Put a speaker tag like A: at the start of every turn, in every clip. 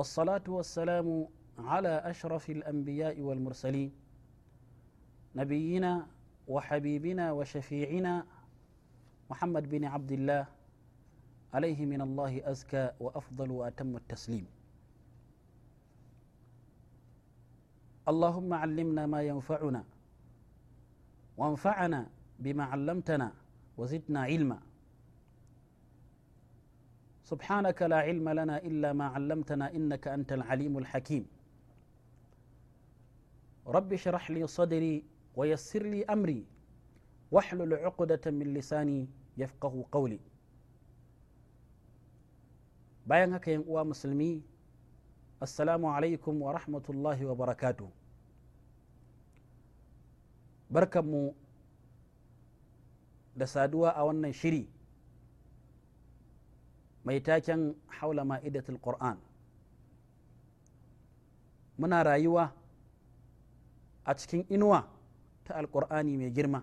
A: والصلاة والسلام على أشرف الأنبياء والمرسلين نبينا وحبيبنا وشفيعنا محمد بن عبد الله عليه من الله أزكى وأفضل وأتم التسليم اللهم علمنا ما ينفعنا وانفعنا بما علمتنا وزدنا علما سبحانك لا علم لنا إلا ما علمتنا إنك أنت العليم الحكيم رب اشرح لي صدري ويسر لي أمري واحلل عقدة من lisani yafqahu qawli bayan haka yan uwa musulmi assalamu alaikum wa rahmatullahi wa barakatu barkanmu da saduwa a wannan shiri mai taken haula ma'idatul qur'an muna rayuwa a cikin inuwa ta alƙur'ani mai girma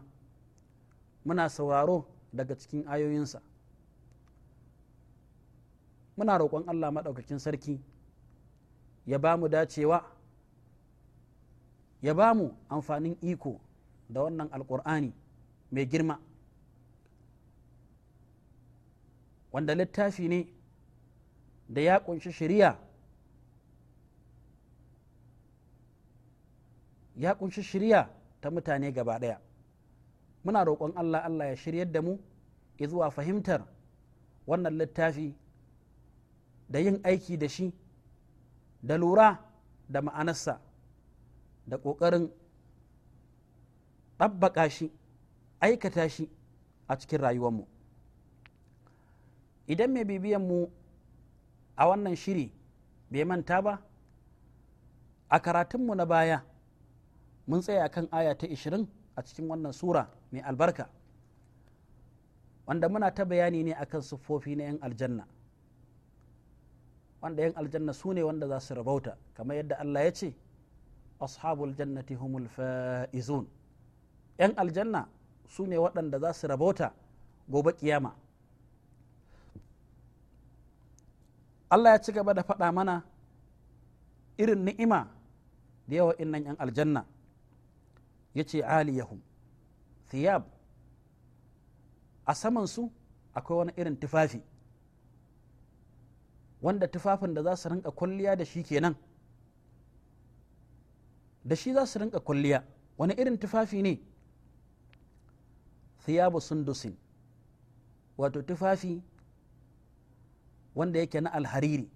A: muna sauraro daga cikin ayoyinsa muna roƙon allah maɗaukakin sarki ya ba mu dacewa ya ba mu amfanin iko da wannan alƙur'ani mai girma wanda littafi ne da ya kunshi shari'a ya kunshi shari'a ta mutane gaba ɗaya muna roƙon Allah Allah ya shiryar da mu zuwa fahimtar wannan littafi da yin aiki da shi da lura da ma'anarsa da ƙoƙarin ɗabbaƙa shi aikata shi a cikin rayuwarmu idan mai bibiyan mu a wannan shiri bai manta ba a karatunmu na baya mun tsaya kan aya ta 20 a cikin wannan sura mai albarka wanda muna ta bayani ne akan siffofi na 'yan aljanna wanda 'yan aljanna su ne wanda za su rabauta kamar yadda Allah ya ce ashabul jannati humul fa'izun 'yan aljanna su ne waɗanda za su rabauta gobe kiyama allah ya ci gaba da faɗa mana irin ni'ima da yawa innan yan aljanna ya ce aliyahum thiyab a samansu akwai wani irin tufafi wanda tufafin da za su rinka kwalliya da shi kenan da shi za su rinka kwalliya wani irin tufafi ne thiyabu sundusin wato tufafi wanda yake na alhariri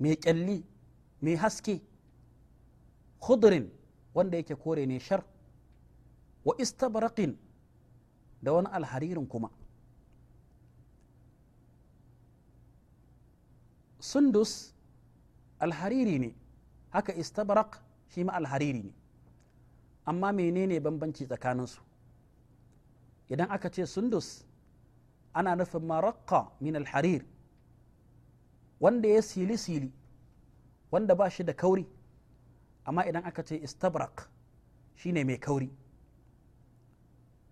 A: mai kyalli mai haske khudrin wanda yake kore ne shar wa istabraqin da wani alharirin kuma sundus alhariri ne haka istabraq shi ma alhariri ne amma menene bambanci tsakaninsu idan aka ce sundus ana nufin maraƙa min alharir wanda ya sili sili wanda ba shi da kauri amma idan aka ce istabrak shine mai kauri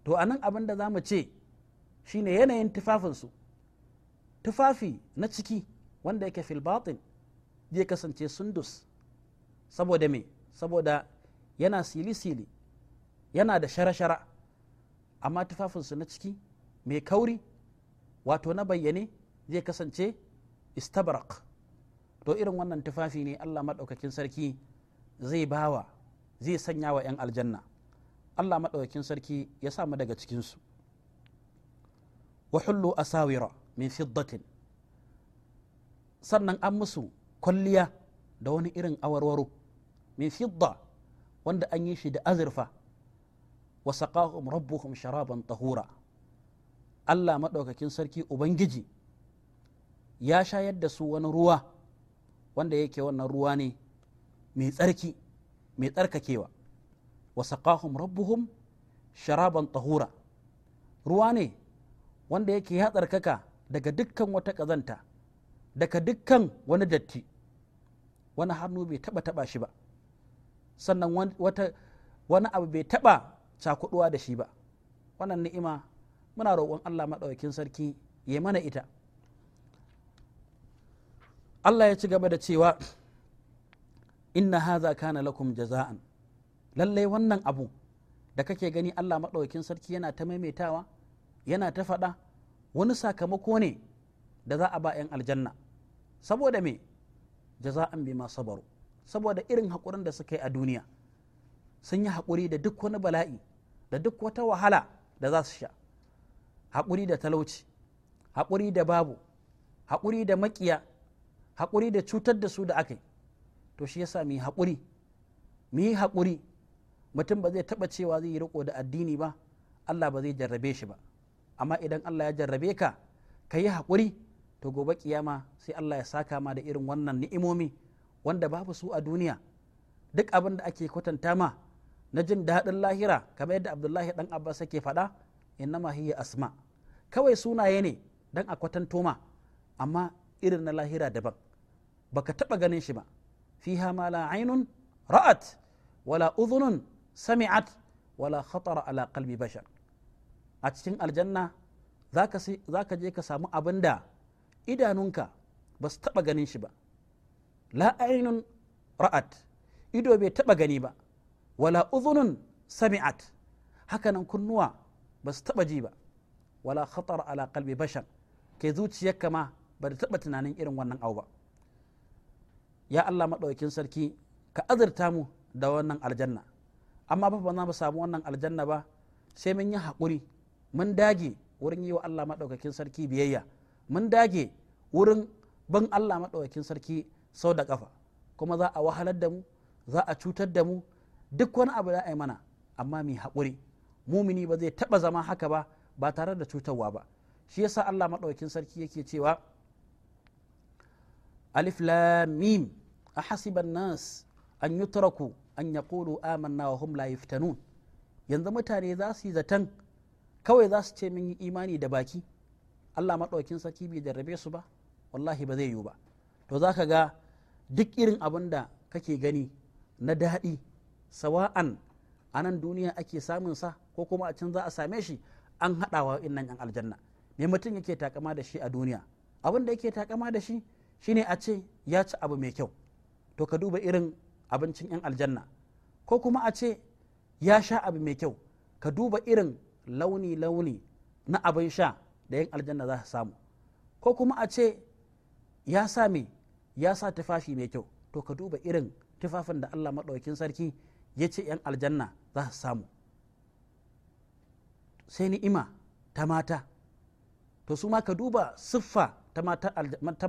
A: to a nan abin da za mu ce shine yanayin tufafinsu tufafi na ciki wanda yake fil zai kasance sundus saboda me saboda yana sili-sili yana da shara-shara amma tufafinsu na ciki mai kauri wato na bayyane zai kasance istabrak to irin wannan tufafi ne Allah maɗaukakin sarki zai bawa zai sanya wa 'yan aljanna Allah maɗaukakin sarki ya samu daga cikinsu wa hullu asawira min fiddatin sannan an musu kwalliya da wani irin awarwaro min fidda wanda an yi shi da azurfa wa saqahum rabbuhum sharaban tahura Allah maɗaukakin sarki Ubangiji ya shayar da su wani ruwa wanda yake wannan ruwa ne mai tsarki mai tsarkakewa wasaƙahum rabbuhum sharaban tahura ruwa ne wanda yake ya tsarkaka daga dukkan wata ƙazanta daga dukkan wani datti wani hannu bai taɓa taɓa shi ba sannan wani abu bai taɓa cakuɗuwa da shi ba wannan ni'ima muna roƙon Allah maɗaukin sarki ya mana ita Allah ya ci gaba da cewa inna haza kana lakum jaza'an lallai wannan abu da kake gani Allah maɗaukin sarki yana ta maimaitawa yana ta faɗa wani sakamako ne da za a ba 'yan aljanna saboda me jaza'an bi ma sabaru saboda irin haƙurin da suka yi a duniya sun yi haƙuri da duk wani bala'i da duk wata wahala da za su sha haƙuri da talauci haƙuri da babu haƙuri da maƙiya haƙuri da cutar da su da aka yi to shi yasa mu yi haƙuri mu yi haƙuri mutum ba zai taɓa cewa zai yi riƙo da addini ba Allah ba zai jarrabe shi ba amma idan Allah ya jarrabe ka ka yi haƙuri to gobe kiyama sai Allah ya saka ma da irin wannan ni'imomi wanda babu su a duniya duk abin da ake kwatanta ma na jin daɗin lahira kamar yadda Abdullahi dan Abbas yake faɗa innama hiya asma' kawai sunaye ne dan a kwatanto ma amma irin na lahira daban baka taɓa ganin shi ba fiha ma la ainun ra'at wala uzunun sami'at wala khatara ala qalbi bashar a cikin aljanna zaka je ka samu abin da idanunka ba su taɓa ganin shi ba la ainun ra'at ido bai taɓa gani ba wala uzunun sami'at hakanan kunnuwa ba su taɓa ji ba wala khatar ala bashan, bashar zuciyar kama, ma ba da taɓa tunanin irin wannan abu ba ya Allah maɗaukin sarki ka azurta mu da wannan aljanna amma ba za mu samu wannan aljanna ba sai mun yi haƙuri mun dage wurin yi wa Allah maɗaukakin sarki biyayya mun dage wurin bin Allah maɗaukakin sarki sau da ƙafa kuma za a wahalar da mu za a cutar da mu duk wani abu da a yi mana amma mu haƙuri mumini ba zai taɓa zama haka ba ba tare da cutarwa ba shi yasa Allah maɗaukin sarki yake cewa alif lam mim ahasiban nas an yutraku an yaqulu amanna wa la yuftanun yanzu mutane za su yi zaton kawai za su ce min yi imani da baki Allah maɗaukin sarki bai jarrabe su ba wallahi ba zai yiwu ba to za ka ga duk irin abin da kake gani na daɗi sawa'an a nan duniya ake samun sa ko kuma a can za a same shi an haɗawa innan yan aljanna me mutum yake takama da shi a duniya abin da yake takama da shi shine a ce ya ci abu mai kyau to ka duba irin abincin yan aljanna ko kuma a ce ya sha abu mai kyau ka duba irin launi-launi na abin sha da yan aljanna za su samu ko kuma a ce ya sa me ya sa tufafi mai kyau to ka duba irin tufafin da Allah maɗaukin sarki ya ce yan aljanna za su samu sai ni'ima ta mata to su ma ka duba siffa ta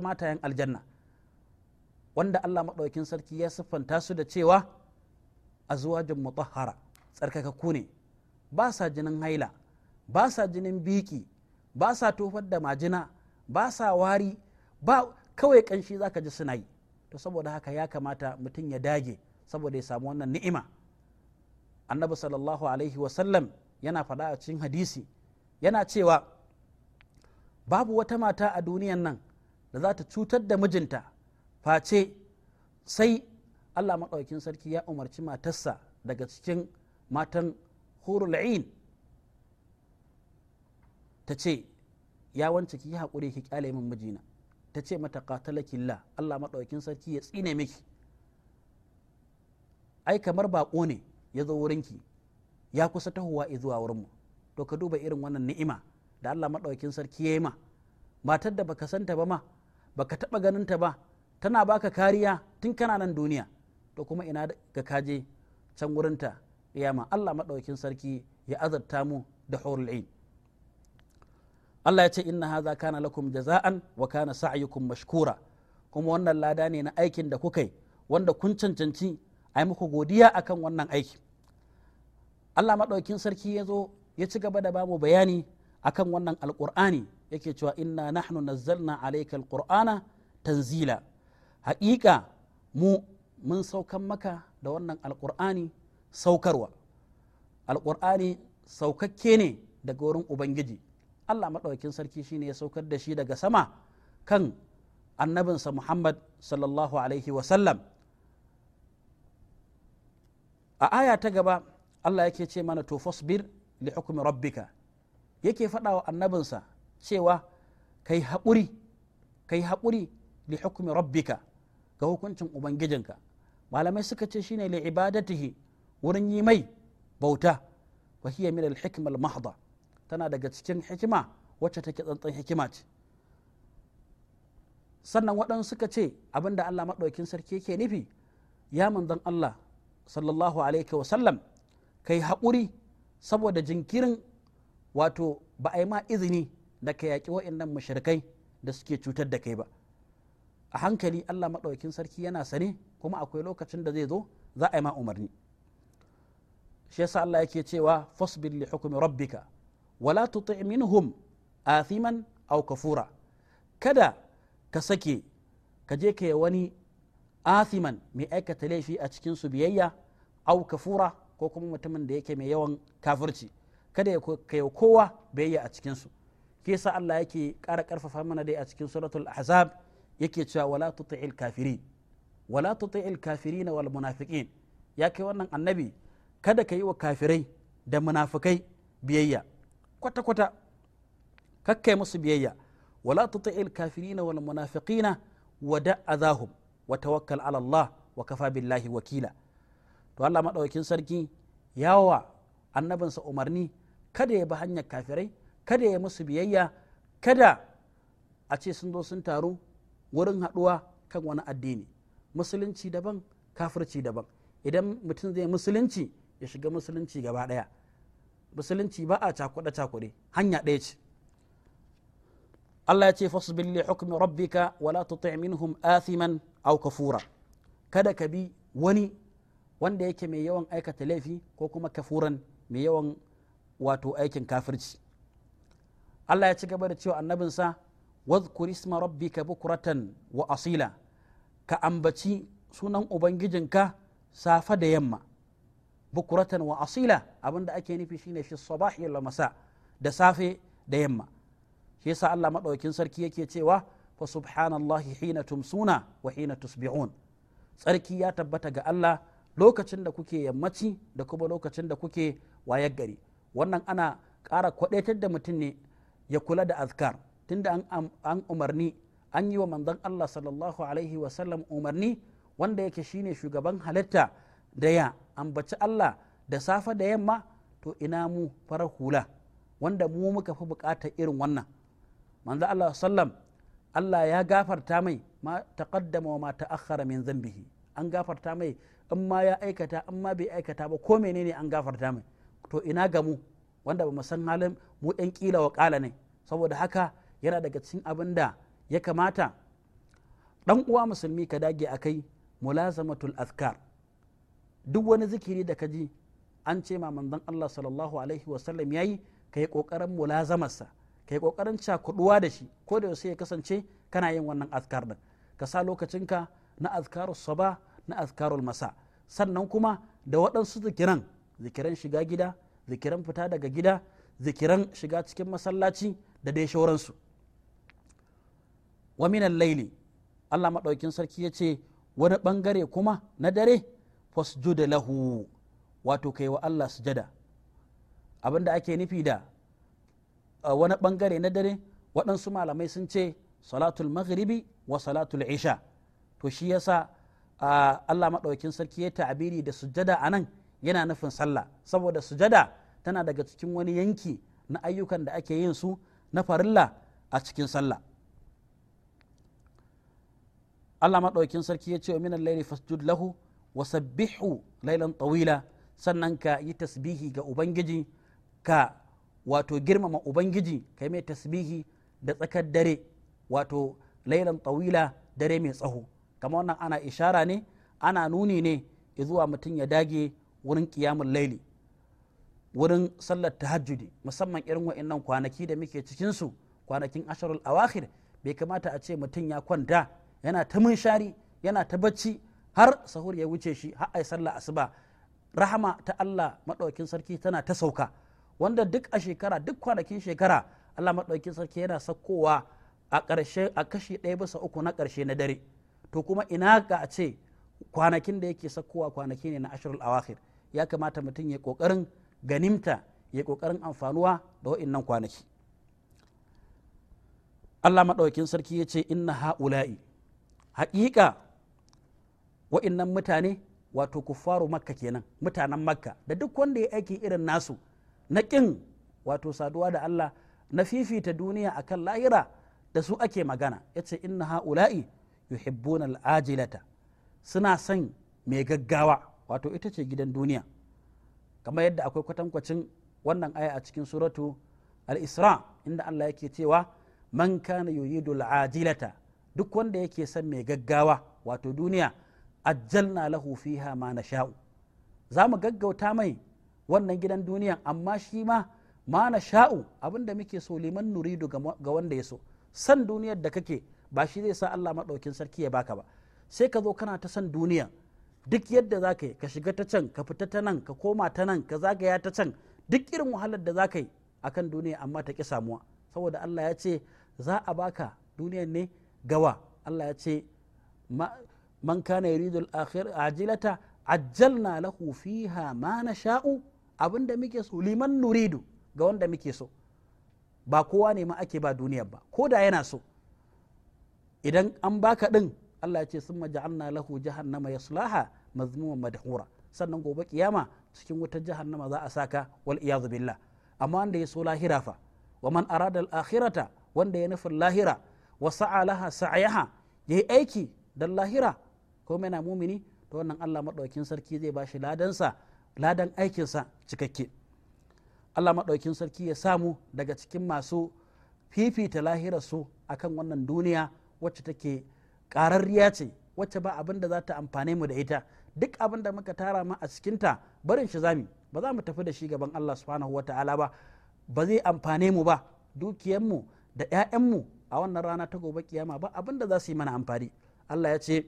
A: matayen aljanna wanda Allah maɗaukin sarki ya siffanta su da cewa azwajin mutahhara tsarkakakku ne ba sa jinin haila ba sa jinin biki ba sa tofar da majina ba sa wari ba kawai kanshi zaka ji suna yi to saboda haka ya kamata mutum ya dage saboda ya samu wannan ni'ima annabi sallallahu alaihi wasallam yana faɗa a cikin hadisi yana cewa babu wata mata a duniyan nan da za ta cutar da mijinta face sai Allah maɗaukin sarki ya umarci matarsa daga cikin matan hurul'in ta ce ya wance ki haƙuri ki kyale min mijina ta ce mata killa Allah maɗaukin sarki ya tsine miki ai kamar baƙo ne ya zo wurinki ya kusa tahowa zuwa wurinmu to ka duba irin wannan ni'ima da Allah maɗaukin sarki ya yi ma matar da baka santa ba ma baka taɓa ganin ta ba tana baka kariya tun kana nan duniya to kuma ina ga kaje can wurinta ma Allah maɗaukin sarki ya azarta mu da hurul ain Allah ya ce inna haza kana lakum jaza'an wa kana sa'yukum mashkura kuma wannan lada ne na aikin da kuka yi wanda kun cancanci a yi muku godiya akan wannan aikin. Allah maɗaukin sarki ya zo ya ci gaba da bamu bayani akan wannan alƙur'ani yake cewa inna nahnu nazzalna alaikal qur'ana tanzila haƙiƙa mu mun saukan maka da wannan alƙur'ani saukarwa alƙur'ani saukakke ne daga wurin ubangiji Allah maɗaukin sarki shine ya saukar da shi daga sama kan annabinsa Muhammad sallallahu alaihi wasallam a aya ta gaba Allah yake ce mana to fasbir li hukmi rabbika yake faɗa wa annabinsa cewa kai haƙuri kai haƙuri li hukmi rabbika ga hukuncin ubangijinka malamai suka ce shine li ibadatihi wurin yi mai bauta wa hiya min al hikma al tana daga cikin hikima wacce take tsantsan hikima ce sannan waɗansu suka ce abinda Allah maɗaukin sarki yake nufi ya manzon Allah sallallahu alaihi wa sallam kai haƙuri saboda jinkirin wato ba a yi ma izini da ka yaƙi waɗannan mushrikai da suke cutar da kai ba a hankali Allah maɗaukin sarki yana sane kuma akwai lokacin da zai zo za a yi ma umarni shi yasa Allah yake cewa fasbir li hukumi rabbika wala tuti minhum athiman aw kafura kada ka sake ka je ka wani athiman mai aikata laifi a cikin su biyayya aw kafura ko kuma mutumin da yake mai yawan kafirci kada ya kai kowa yi a cikinsu. Ke sa Allah yake ƙara ƙarfafa mana dai a cikin suratul ahzab yake cewa wala tuti'il kafirin wala tuti'il kafirin wal munafiqin ya kai wannan annabi kada ka yi wa kafirai da munafikai biyayya kwata kwata kakkai musu biyayya wala tuti'il kafirin wal munafiqina wada azahum wa tawakkal ala Allah wa kafa billahi wakila to Allah maɗaukin sarki yawa annabinsa umarni kada ya bi hanyar kafirai kada ya musu biyayya kada a ce sun zo sun taru wurin haɗuwa kan wani addini musulunci daban kafirci daban idan mutum zai musulunci ya shiga musulunci gaba ɗaya musulunci ba a cakuɗe cakuɗe hanya ɗaya ce Allah ya ce fasu li hukmi rabbika wala tuti minhum athiman aw kafura kada ka bi wani wanda yake mai yawan aikata laifi ko kuma kafuran mai yawan wato aikin kafirci Allah ya ci gaba da cewa annabinsa wadhkur isma rabbika bukratan wa asila ka ambaci sunan ubangijinka safa da yamma bukratan wa asila abinda ake nufi shine shi sabahi wal masa da safe da yamma shi yasa Allah madaukin sarki yake cewa fa subhanallahi hina tumsuna wa hina tusbi'un Sarki ya tabbata ga Allah lokacin da kuke yammaci da kuma lokacin da kuke wayar gari wannan ana ƙara kwaɗaitar da mutum ne ya kula da azkar tunda an umarni an yi wa manzon Allah sallallahu alaihi wasallam umarni wanda yake shine shugaban halitta da ya ambaci Allah da safe da yamma to ina mu farar hula wanda mu muka fi bukatar irin wannan manzon Allah sallam Allah ya gafarta mai ma taqaddama wa ma ta'akhkhara min zambihi an gafarta mai in ma ya aikata in ma bai aikata ba ko menene an gafarta mai to ina ga mu wanda ba mu san halin mu ɗan kila wa ƙala ne saboda haka yana daga cikin abin da ya kamata ɗan uwa musulmi ka dage a kai mulazamatul azkar duk wani zikiri da ka ji an ce ma manzon Allah sallallahu alaihi sallam yayi ka yi ƙoƙarin mulazamarsa ka yi ƙoƙarin cakuɗuwa da shi ko da yaushe ya kasance kana yin wannan azkar din ka sa lokacinka na azkarus sabah na azkarul masa sannan kuma da waɗansu zikiran zikiran shiga gida zikiran fita daga gida zikiran shiga cikin masallaci da dai shauransu wa minan laili Allah maɗaukin sarki ya ce wani ɓangare kuma na dare fasjuda lahu wato kai wa Allah sujada abin da ake nufi da wani ɓangare na dare waɗansu malamai sun ce salatul maghribi wa salatul isha to shi yasa Allah maɗaukin sarki ya ta'abiri da sujada a nan yana nufin sallah saboda sujada tana daga cikin wani yanki na ayyukan da ake yin su na farilla a cikin sallah Allah maɗaukin sarki ya ce wa minan laili fasjud lahu wa sabbihu lailan tawila sannan ka yi tasbihi ga ubangiji ka wato girmama ubangiji ka yi mai tasbihi da tsakar dare wato lailan tawila dare mai tsaho kamar wannan ana ishara ne ana nuni ne zuwa mutum ya dage wurin kiyamun laili wurin sallar tahajjudi musamman irin wa'annan kwanaki da muke cikinsu kwanakin asharul awakhir bai kamata a ce mutum ya kwanta yana ta munshari yana ta bacci har sahur ya wuce shi har ai sallar asuba rahama ta Allah maɗaukin sarki tana ta sauka wanda duk a shekara duk kwanakin shekara Allah maɗaukin sarki yana sakkowa a a kashi ɗaya bisa uku na ƙarshe na dare to kuma ina ga a ce kwanakin da yake sakkowa kwanaki ne na ashirul awakhir ya kamata mutum ya kokarin ganimta ya kokarin amfanuwa da wa'innan kwanaki Allah maɗaukin sarki ya ce inna ha'ula'i haƙiƙa wa'innan mutane wato kuffaru makka kenan mutanen makka da duk wanda ya aiki irin nasu na ƙin wato saduwa da Allah na fifita duniya akan lahira da su ake magana ya ce inna ha'ula'i yuhibbuna al'ajilata suna son mai gaggawa wato ita ce gidan duniya kamar yadda akwai kwatankwacin wannan aya a cikin suratu al-isra inda Allah yake cewa man kana yuridu al-ajilata duk wanda yake son mai gaggawa wato duniya ajjalna lahu fiha ma nasha'u za mu gaggauta mai wannan gidan duniya amma shi ma ma nasha'u abinda muke so liman nuridu ga wanda ya so san duniyar da kake ba shi zai sa Allah maɗaukin sarki ya baka ba sai ka zo kana ta san duniya duk yadda za ka yi ka shiga ta can ka fita ta nan ka koma ta nan ka zagaya ta can duk irin wahalar da za ka yi a kan duniya amma ta ƙi samuwa saboda Allah ya ce za a baka duniyan ne gawa Allah ya ce man kana yuridul akhir ajilata ajjalna lahu fiha ma nasha'u abinda muke so liman nuridu ga wanda muke so ba kowa ne ma ake ba duniyar ba ko da yana so idan an baka din Allah ya ce sun maja'alna lahu jahannama yaslaha mazmuman madhura sannan gobe kiyama cikin wutar jahannama za a saka wal iyazu billah amma wanda ya so lahira fa wa man arada al akhirata wanda ya nufin lahira wa sa'a laha sa'yaha yayi aiki dan lahira ko mai na mumini to wannan Allah madaukin sarki zai bashi ladansa ladan aikinsa cikakke Allah maɗaukin sarki ya samu daga cikin masu fifita lahirar su akan wannan duniya wacce take ƙararriya ce wacce ba abin da za ta amfane mu da ita duk abin da muka tara ma a cikinta barin shi zami ba za mu tafi da shi gaban Allah subhanahu wa ta'ala ba ba zai amfane mu ba mu da mu a wannan rana ta gobe kiyama ba abin da za su yi mana amfani Allah ya ce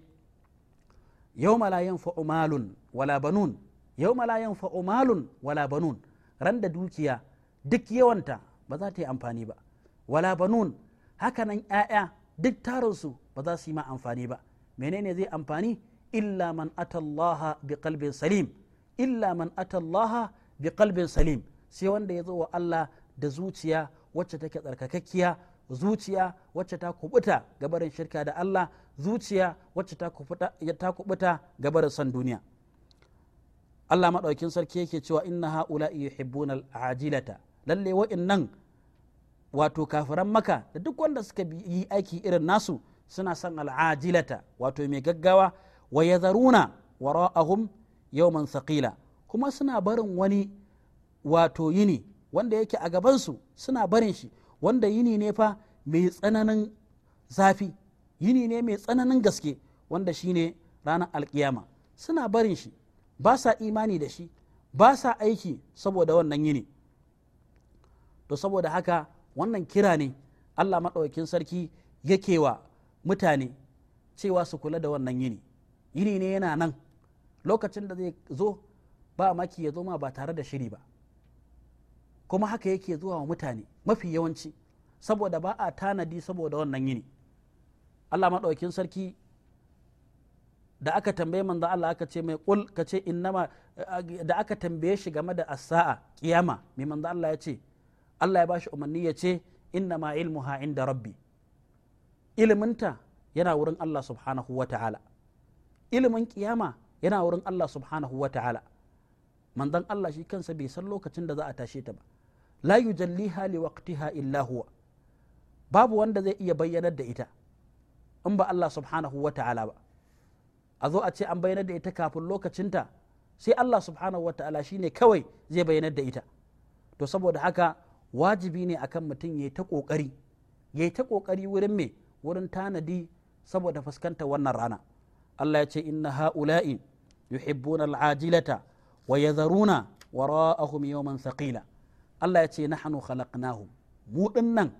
A: yawma la yanfa'u malun wala banun yawma la yanfa'u malun wala banun ran da dukiya duk yawanta ba za ta yi amfani ba wala banun hakanan 'ya'ya duk tarinsu ba za su yi ma amfani ba menene zai amfani illa man atallaha bi qalbin salim illa man atallaha bi qalbin salim sai wanda ya zo wa Allah da zuciya wacce take tsarkakakkiya zuciya wacce ta kubuta gabarin shirka da Allah zuciya wacce ta kubuta gabarin san duniya Allah maɗaukin sarki yake cewa inna ha'ula yuhibbuna al'ajilata lalle wa'innan wato kafiran maka da duk wanda suka yi aiki irin nasu suna son al'ajilata wato mai gaggawa wa ya wa ra'ahum yawman saƙila kuma suna barin wani wato yini wanda yake a gabansu suna barin shi wanda yini ne fa mai tsananin zafi yini ne mai tsananin gaske wanda shi ne ranar alkiyama suna barin shi ba sa imani da shi ba sa aiki saboda wannan yini to saboda haka wannan kira ne allah maɗaukin sarki yake wa mutane cewa su kula da wannan yini yini ne yana nan lokacin da zai zo ba maki ya zo ma ba tare da shiri ba kuma haka yake zuwa wa mutane mafi yawanci saboda ba a tanadi saboda wannan yini allah maɗaukin sarki da aka tambaye manzo Allah aka ce mai kul ka innama da aka tambaye shi game da asa'a saa kiyama mai manzo Allah ya ce Allah ya bashi umarni ya ce inna ma ilmuha inda rabbi iliminta yana wurin Allah subhanahu wa ta'ala ilimin kiyama yana wurin Allah subhanahu wa ta'ala manzon Allah shi kansa bai san lokacin da za a tashe ta ba la yujalliha li waqtiha illa huwa babu wanda zai iya bayyanar da ita in ba Allah subhanahu wa ta'ala ba a zo a ce an bayyanar da ita kafin lokacinta sai Allah subhanahu wa ta'ala shine kawai zai bayyanar da ita to saboda haka wajibi ne akan mutum ya ta ƙoƙari. ya ta ƙoƙari wurin me wurin tanadi saboda fuskanta wannan rana Allah ya ce inna ha'ula'i yuhibbuna al'ajilata wa yadharuna wara'ahum yawman thaqila Allah ya ce nahnu nahu. mu dinnan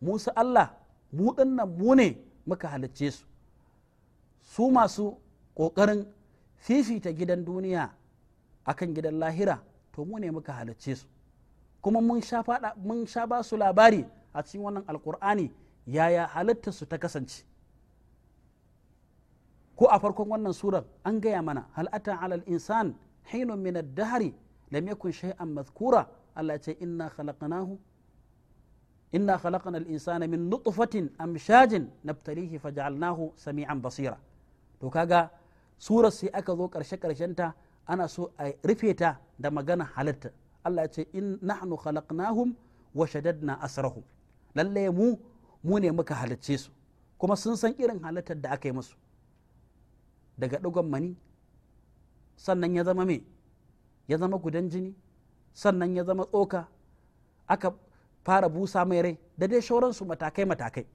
A: Musa Allah mu dinnan mu ne muka halicce su su masu ƙoƙarin fifita gidan duniya akan gidan lahira to mu ne muka halicce su kuma mun sha fada mun sha ba su labari a cikin wannan alkur'ani yaya halittar su ta kasance ko a farkon wannan surar an gaya mana hal ata alal insan hinun min ad-dahri lam yakun shay'an madhkura Allah ce inna khalaqnahu inna khalaqna al-insana min nutfatin amshajin nabtalihi faj'alnahu sami'an basira to kaga surar sai aka zo karshe karshen ta ana so a rufe ta da magana halitta Allah ce in nahnu khalaqnahum wa shadadna asrahum lalle mu mu ne muka halicce su kuma sun san irin halittar da aka yi musu daga dugon mani sannan ya zama me ya zama gudan jini sannan ya zama tsoka aka fara busa mai rai da dai shauransu matakai matakai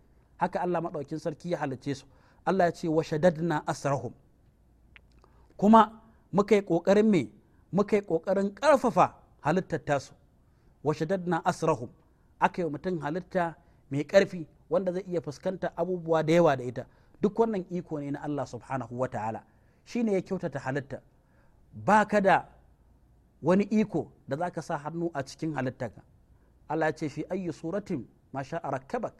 A: haka Allah maɗaukin sarki ya halicce su Allah ya ce wa shadadna asrahum kuma muka yi ƙoƙarin me muka yi ƙoƙarin ƙarfafa halittar tasu wa shaddadna asrahum aka yi mutum halitta mai karfi wanda zai iya fuskanta abubuwa da yawa da ita duk wannan iko ne na Allah subhanahu wa ta'ala shine ya kyautata halitta ba ka da wani iko da za ka sa hannu a cikin halittarka Allah ya ce fi ayyu suratin masha sha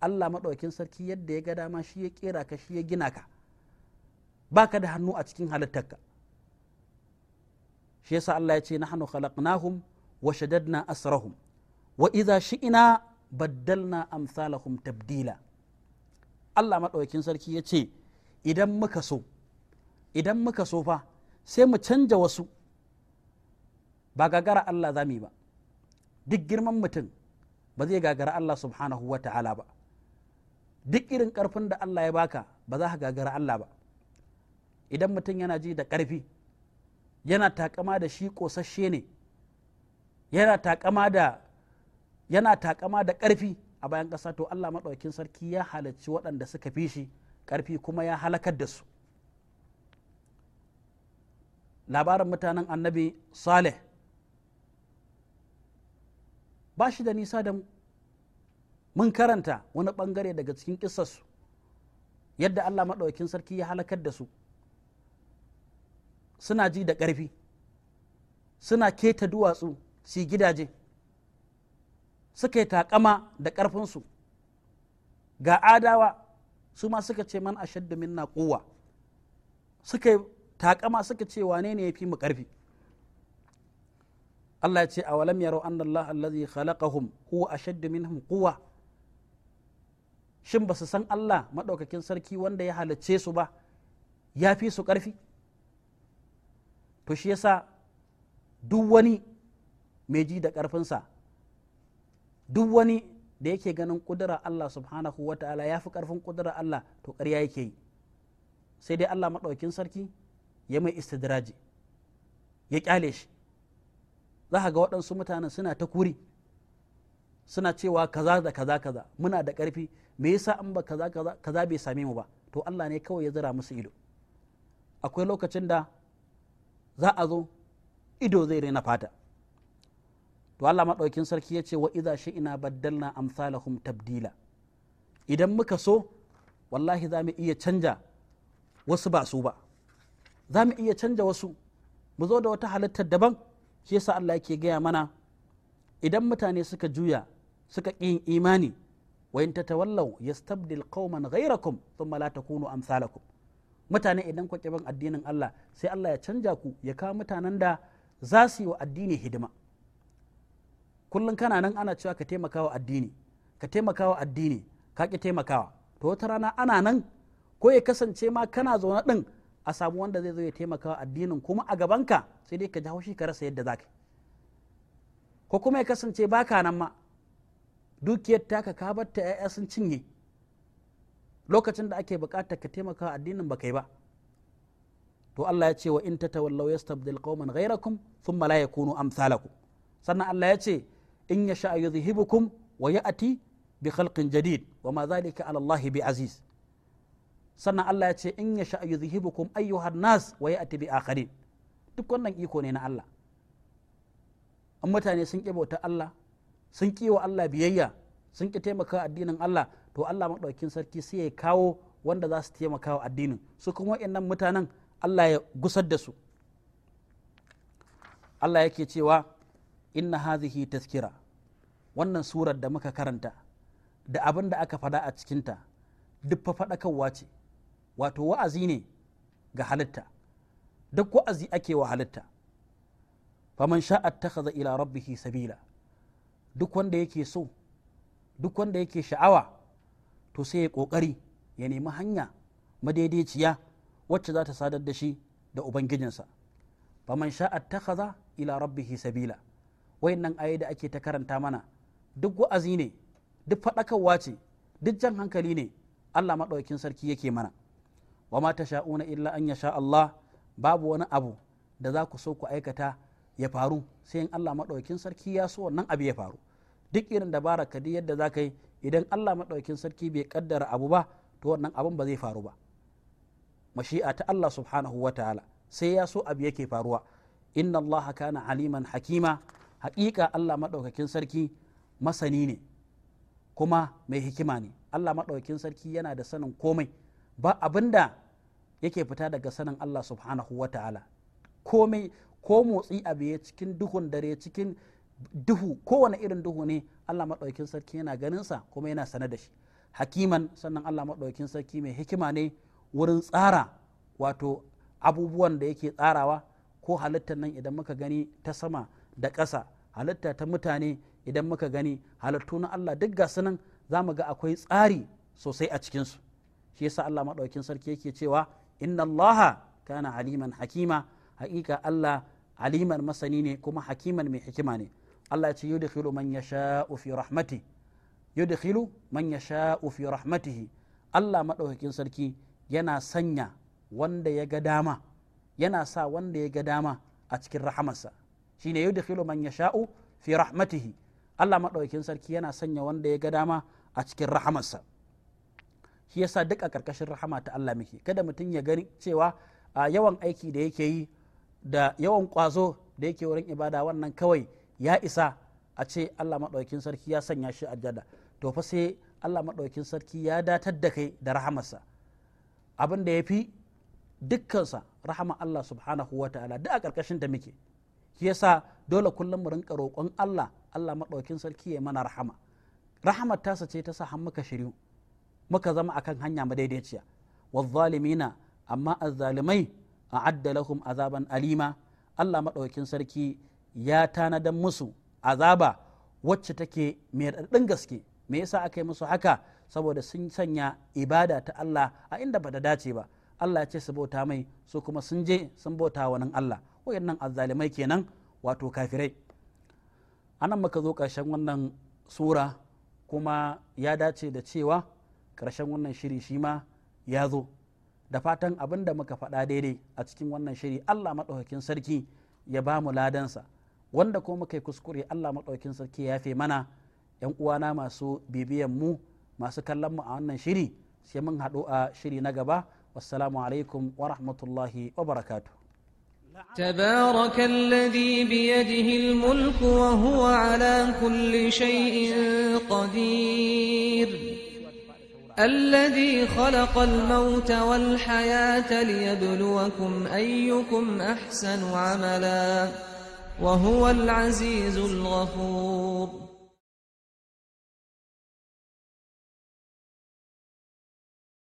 A: Allah maɗaukin sarki yadda ya ga dama shi ya kera ka shi ya gina ka ba ka da hannu a cikin halittarka shi yasa Allah ya ce nahnu khalaqnahum wa shaddadna asrahum wa idza shi'na baddalna amsalahum tabdila Allah madaukakin sarki ya ce idan muka so idan muka so fa sai mu canja wasu ba gagara Allah yi ba duk girman mutum ba zai gagara Allah subhanahu wa ta'ala ba duk irin karfin da Allah ya baka ba za ka gagara Allah ba idan mutum yana ji da karfi yana takama da shi kosashe ne yana takama da yana takama da ƙarfi a bayan ƙasa to Allah maɗaukin sarki ya halarci waɗanda suka fi shi ƙarfi kuma ya halakar da su labarin mutanen annabi saleh ba shi da nisa da mun karanta wani ɓangare daga cikin ƙisarsu yadda Allah maɗaukin sarki ya halakar da su suna ji da ƙarfi suna keta duwatsu su gidaje suka yi taƙama da ƙarfinsu ga adawa su ma suka ce man ashaddu minna kowa suka yi taƙama suka ce wane ne ya fi mu ƙarfi Allah ya ce a walam yaro an Allah allazi khalaqahum huwa ashaddu minhum quwwa shin ba su san Allah maɗaukakin sarki wanda ya halicce su ba ya fi su ƙarfi to shi yasa duk wani mai ji da ƙarfinsa duk wani da yake ganin ƙudura Allah subhanahu wa ta'ala ya fi ƙarfin ƙudura Allah to ƙarya yake yi sai dai Allah maɗaukin sarki ya mai istidraji ya ƙyale shi za ga waɗansu mutanen suna ta kuri suna cewa kaza da kaza kaza muna da ƙarfi me yasa an ba kaza kaza bai same mu ba to Allah ne kawai ya zira musu ido akwai lokacin da za a zo ido zai raina fata to Allah maɗaukin sarki ya ce wa iza shi ina baddalna amsalahum tabdila idan muka so wallahi za mu iya canja wasu ba su ba za mu iya canja wasu mu zo da wata halittar daban shi yasa Allah yake gaya mana idan mutane suka juya suka yin imani wa in tatawallaw yastabdil qauman ghayrakum thumma la takunu amsalakum mutane idan ku ban addinin Allah sai Allah ya canja ku ya kawo mutanen da za su yi wa addini hidima kullum kana nan ana cewa ka taimaka wa addini ka taimaka wa addini ka ki taimakawa to wata rana ana nan ko ya kasance ma kana zaune din a samu wanda zai zo ya taimaka wa addinin kuma a gaban ka sai dai ka ji haushi ka rasa yadda zaka ko kuma ya kasance baka nan ma dukiyar taka ka bar ta 'ya'ya sun cinye lokacin da ake bukatar ka taimaka addinin ba kai ba to Allah ya ce wa in tatawallaw yastabdil qauman ghayrakum thumma la yakunu amsalakum sannan Allah ya ce in yasha yuzhibukum wa ya'ti bi khalqin jadid wa ma zalika ala Allah bi aziz sannan Allah ya ce in yasha yuzhibukum ayyuhan nas wa ya'ti bi akharin duk wannan iko ne na Allah an mutane sun ƙi bautar Allah sun ƙi wa Allah biyayya sun ƙi taimaka addinin Allah to Allah maɗaukin sarki sai ya kawo wanda za su taimaka wa addinin su kuma wa'annan mutanen Allah ya gusar da su Allah yake cewa inna hazihi taskira wannan surar da muka karanta da abin da aka fada a cikinta duk fa ce wato wa'azi ne ga halitta duk wa'azi ake wa halitta faman sha'ar takhadha ila rabbihi sabila duk wanda yake so duk wanda yake sha'awa to sai ya kokari ya nemi hanya madaidaiciya wacce za ta sadar da shi da ubangijinsa sha'ar sha'a kaza ila rabbihi sabila wayannan aye da ake ta karanta mana duk wa'azi ne duk faɗakarwa ce duk jan hankali ne Allah maɗaukin sarki yake mana wa ma sha'una illa an ya sha Allah babu wani abu da za ku so ku aikata ya faru sai in Allah maɗaukin sarki ya so wannan abu ya faru duk irin dabara ka yadda za ka yi idan Allah maɗaukin sarki bai kaddara abu ba to wannan abin ba zai faru ba mashi'a ta Allah subhanahu wa ta'ala sai ya so abu yake faruwa inna Allah kana aliman hakima haƙiƙa Allah maɗaukakin sarki masani ne kuma mai hikima ne Allah maɗaukakin sarki yana da sanin komai ba abinda yake fita daga sanin Allah subhanahu wa ta'ala komai ko motsi abu cikin duhun dare cikin duhu kowane irin duhu ne Allah maɗaukin sarki yana ganinsa kuma yana sane da shi hakiman sannan Allah maɗaukin sarki mai hikima ne wurin tsara wato abubuwan da yake tsarawa ko halittar nan idan muka gani ta sama da ƙasa halitta ta mutane idan muka gani halittu na Allah duk ga nan za mu ga akwai tsari sosai a cikinsu shi yasa Allah maɗaukin sarki yake cewa inna allaha kana aliman hakima haƙiƙa Allah aliman masani ne kuma hakiman mai hikima ne Allah ya ce yudkhilu man yasha'u fi rahmati yudkhilu man yasha'u fi rahmatihi Allah madaukakin sarki yana sanya wanda ya ga dama yana sa wanda ya ga dama a cikin rahamarsa shine yudkhilu man yasha'u fi rahmatihi Allah madaukakin sarki yana sanya wanda ya ga dama a cikin rahamarsa shi yasa duk a karkashin rahama ta Allah muke kada mutum ya gani cewa a yawan aiki da yake yi da yawan kwazo da yake wurin ibada wannan kawai ya isa a ce Allah maɗaukin sarki ya sanya shi jada. to fa sai Allah maɗaukin sarki ya datar da kai da rahamarsa abin da ya fi dukkansa rahama Allah subhanahu wa ta'ala duk a ƙarƙashin da muke shi yasa dole kullum mu rinka roƙon Allah Allah maɗaukin sarki ya mana rahama rahamar tasa ce ta sa har muka shiru. muka zama akan hanya madaidaiciya wazzalimina amma azzalimai a'adda lahum azaban alima Allah maɗaukin sarki ya tanadan musu azaba wacce take mai raɗaɗin gaske me yasa aka yi musu haka saboda sun sanya ibada ta Allah a inda ba dace ba Allah ya ce su bauta mai su kuma sun je sun bauta wa nan Allah wayannan azzalimai kenan wato kafirai anan muka zo ƙarshen wannan sura kuma ya dace da cewa ƙarshen wannan shiri shi ma ya zo da fatan abin da muka faɗa daidai a cikin wannan shiri Allah maɗaukakin sarki ya ba mu ladansa wanda kuma kai kuskure Allah maɗaukin sarki ya fi mana yan uwana masu bibiyan mu masu kallon mu a wannan shiri sai mun haɗu a shiri na gaba wassalamu alaikum wa rahmatullahi wa barakatuh تبارك الذي بيده الملك وهو على كل شيء قدير الذي خلق الموت والحياة ليبلوكم أيكم أحسن عملاً وهو العزيز الغفور